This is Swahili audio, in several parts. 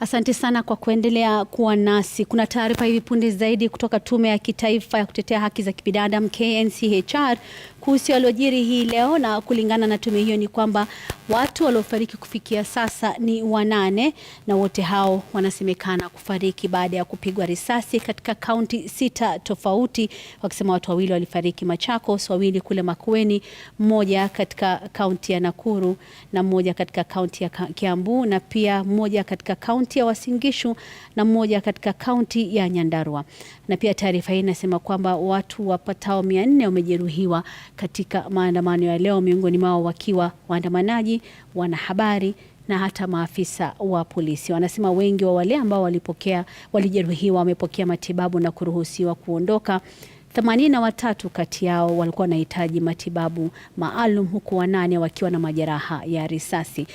Asante sana kwa kuendelea kuwa nasi. Kuna taarifa hivi punde zaidi kutoka Tume ya Kitaifa ya Kutetea Haki za Kibinadamu KNCHR kuhusu yaliyojiri hii leo, na kulingana na tume hiyo ni kwamba Watu waliofariki kufikia sasa ni wanane na wote hao wanasemekana kufariki baada ya kupigwa risasi katika kaunti sita tofauti, wakisema watu wawili walifariki Machakos, wawili kule Makueni, mmoja katika kaunti ya Nakuru na mmoja katika kaunti ya Kiambu na pia mmoja katika kaunti ya wasingishu na mmoja katika kaunti ya Nyandarua. Na pia taarifa hii inasema kwamba watu wapatao mia nne wamejeruhiwa katika maandamano ya leo, miongoni mwao wakiwa waandamanaji wanahabari na hata maafisa wa polisi. Wanasema wengi wa wale ambao walipokea walijeruhiwa wamepokea matibabu na kuruhusiwa kuondoka. Themanini na watatu kati yao walikuwa wanahitaji matibabu maalum huku wanane wakiwa na majeraha ya risasi.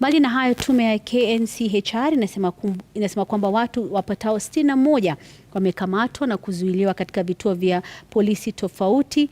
Mbali na hayo, tume ya KNCHR inasema, inasema kwamba watu wapatao sitini na moja wamekamatwa na kuzuiliwa katika vituo vya polisi tofauti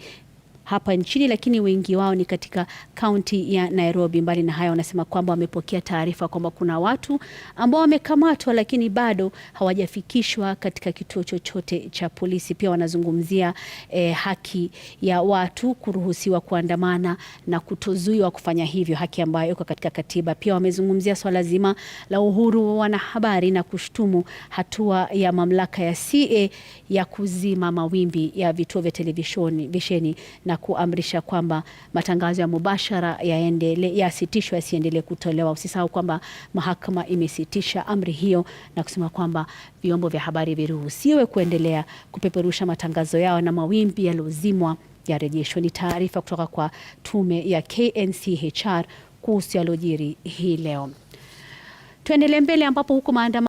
hapa nchini, lakini wengi wao ni katika kaunti ya Nairobi. Mbali na haya, wanasema kwamba wamepokea taarifa kwamba kuna watu ambao wamekamatwa, lakini bado hawajafikishwa katika kituo chochote cha polisi. Pia wanazungumzia eh, haki ya watu kuruhusiwa kuandamana na kutozuiwa kufanya hivyo, haki ambayo iko katika katiba. Pia wamezungumzia swala zima la uhuru wa wanahabari na kushtumu hatua ya mamlaka ya CA ya kuzima mawimbi ya vituo vya televisheni na kuamrisha kwamba matangazo ya mubashara yaendele yasitishwe yasiendelee kutolewa. Usisahau kwamba mahakama imesitisha amri hiyo na kusema kwamba vyombo vya habari viruhusiwe kuendelea kupeperusha matangazo yao na mawimbi yaliozimwa yarejeshwe. Ni taarifa kutoka kwa tume ya KNCHR kuhusu yaliojiri hii leo. Tuendelee mbele ambapo huko maandamano